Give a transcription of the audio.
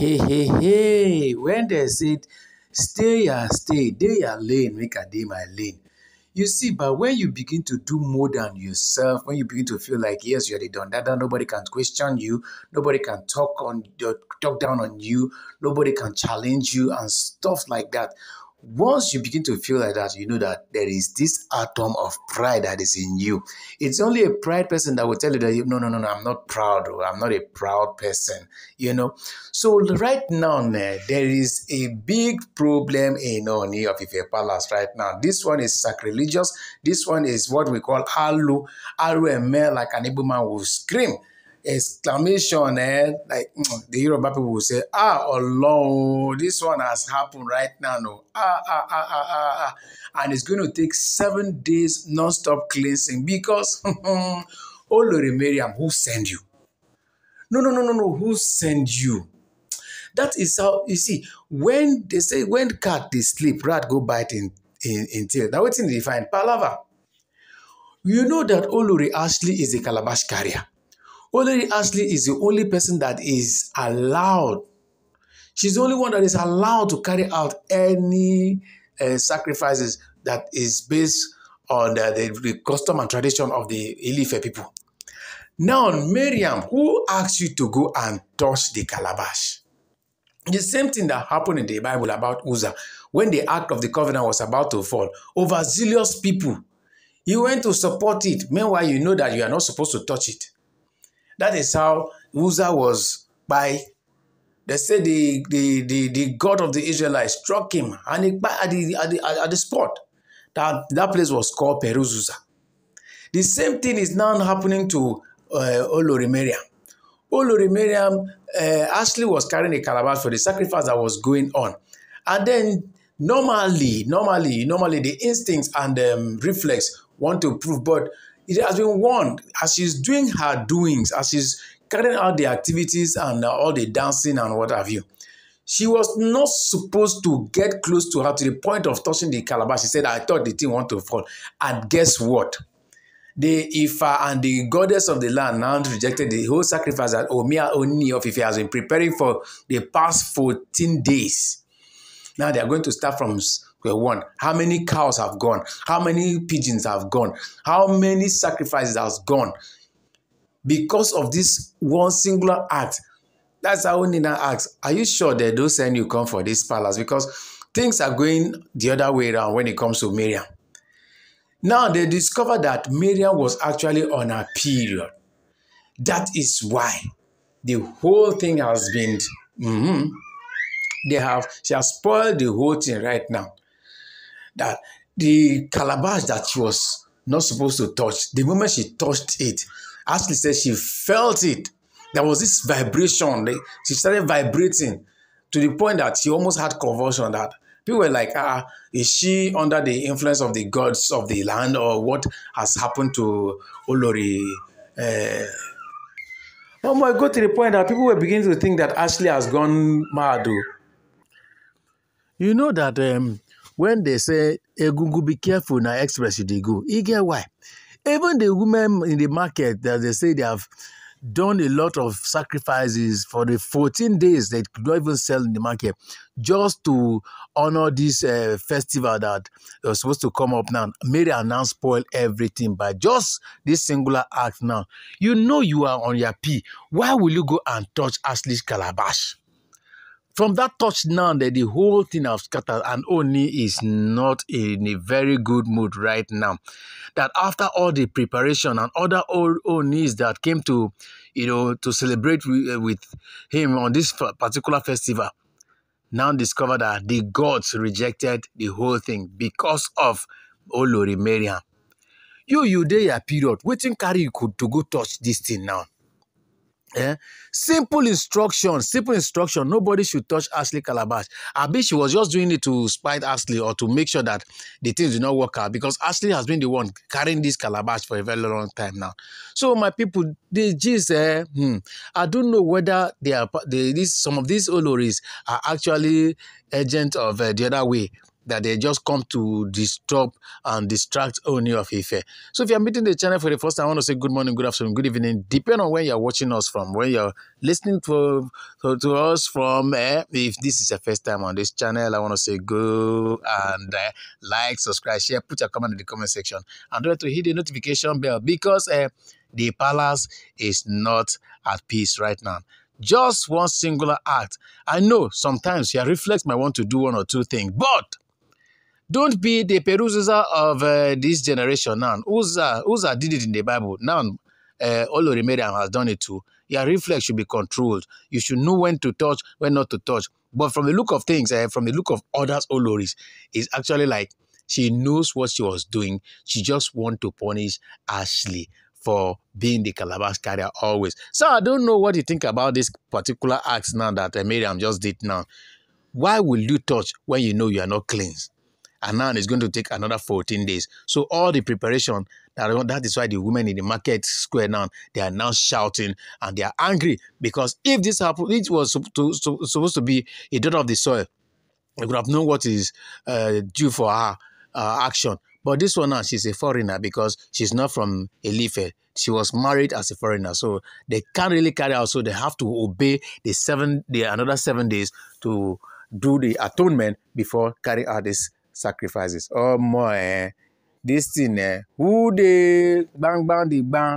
Hey, hey, hey, when they said, stay ya stay, they ya lane, make a dey my lane. You see, but when you begin to do more than yourself, when you begin to feel like yes, you already done that, that nobody can question you, nobody can talk on talk down on you, nobody can challenge you, and stuff like that. Once you begin to feel like that, you know that there is this atom of pride that is in you. It's only a pride person that will tell you that, no, no, no, no, I'm not proud or oh. I'm not a proud person, you know. So right now, there is a big problem in Oni of Ife Palace right now. This one is sacrilegious. This one is what we call alu. Alu and like an able man will scream exclamation eh, like mm, the Yoruba people will say, ah, Lord, this one has happened right now. No. Ah, ah, ah, ah, ah, ah. ah. And it's going to take seven days non-stop cleansing because oh Lord Miriam, who send you? No, no, no, no, no, who send you? That is how you see when they say when cat they sleep, rat go bite in in, in tail. Now what's in the defined palaver? You know that Oluri oh, Ashley is a calabash carrier. Only Ashley is the only person that is allowed. She's the only one that is allowed to carry out any uh, sacrifices that is based on the, uh, the, the custom and tradition of the Ilife people. Now, Miriam, who asked you to go and touch the calabash? The same thing that happened in the Bible about Uzzah. When the Ark of the Covenant was about to fall, overzealous people, you went to support it. Meanwhile, you know that you are not supposed to touch it. That is how Uzzah was by. They say the, the, the, the God of the Israelites struck him and he, at, the, at, the, at the spot. That, that place was called Peruzuza. The same thing is now happening to uh, Olori Miriam. Olori Miriam uh, actually was carrying a calabash for the sacrifice that was going on. And then normally, normally, normally the instincts and um, reflex want to prove, but it has been warned as she's doing her doings, as she's carrying out the activities and uh, all the dancing and what have you. She was not supposed to get close to her to the point of touching the calabash. She said, I thought the thing wanted to fall. And guess what? The Ifa and the goddess of the land now rejected the whole sacrifice that Omiya Oni of Ife has been preparing for the past 14 days. Now they are going to start from were won, how many cows have gone, how many pigeons have gone, how many sacrifices has gone because of this one singular act. That's how Nina asks, Are you sure that those send you come for this palace? Because things are going the other way around when it comes to Miriam. Now they discover that Miriam was actually on her period. That is why the whole thing has been. Mm -hmm, they have she has spoiled the whole thing right now that the calabash that she was not supposed to touch, the moment she touched it, Ashley said she felt it. There was this vibration. Like she started vibrating to the point that she almost had convulsion. That people were like, "Ah, is she under the influence of the gods of the land, or what has happened to Olori?" Uh, oh my God! To the point that people were beginning to think that Ashley has gone mad. Oh. You know that um, when they say "Egungu, be careful now," express you dey go You get why even the women in the market as they say they have done a lot of sacrifices for the 14 days they could not even sell in the market just to honor this uh, festival that was supposed to come up now. Mary and now spoil everything by just this singular act now. You know you are on your pee. Why will you go and touch Ashley's calabash? From that touch that the whole thing has scattered, and Oni is not in a very good mood right now. That after all the preparation and other old Onis that came to, you know, to celebrate uh, with him on this particular festival, now discover that the gods rejected the whole thing because of Olori Mariam. You, you, day period. Waiting carry you could to go touch this thing now. Eh? Simple instruction, simple instruction. Nobody should touch Ashley Calabash. bet she was just doing it to spite Ashley or to make sure that the things do not work out because Ashley has been the one carrying this Calabash for a very long time now. So, my people, the gist, eh, hmm, I don't know whether they are they, this, some of these Oloris are actually agents of uh, the other way that they just come to disturb and distract only of Ife. So if you're meeting the channel for the first time, I want to say good morning, good afternoon, good evening, depending on where you're watching us from, where you're listening to, to, to us from. Eh, if this is your first time on this channel, I want to say go and eh, like, subscribe, share, put your comment in the comment section, and don't forget to hit the notification bell because eh, the palace is not at peace right now just one singular act. I know sometimes your reflex might want to do one or two things, but don't be the peruser of uh, this generation now. Uza, Uzzah did it in the Bible. Now, uh, Olori Mariam has done it too. Your reflex should be controlled. You should know when to touch, when not to touch. But from the look of things, uh, from the look of others, Oloris, is actually like she knows what she was doing. She just want to punish Ashley for being the calabash carrier always. So I don't know what you think about this particular act now that uh, Miriam just did now. Why will you touch when you know you are not cleansed? and now it's going to take another 14 days. So all the preparation, that is why the women in the market square now, they are now shouting and they are angry because if this happened, it was supposed to be a daughter of the soil. They could have known what is uh, due for her uh, action. But this one now, she's a foreigner because she's not from Elife. She was married as a foreigner, so they can't really carry out. So they have to obey the seven, the another seven days to do the atonement before carrying out this sacrifices ọmọ ẹ̀ Destin ẹ̀ who dey gbangban the gban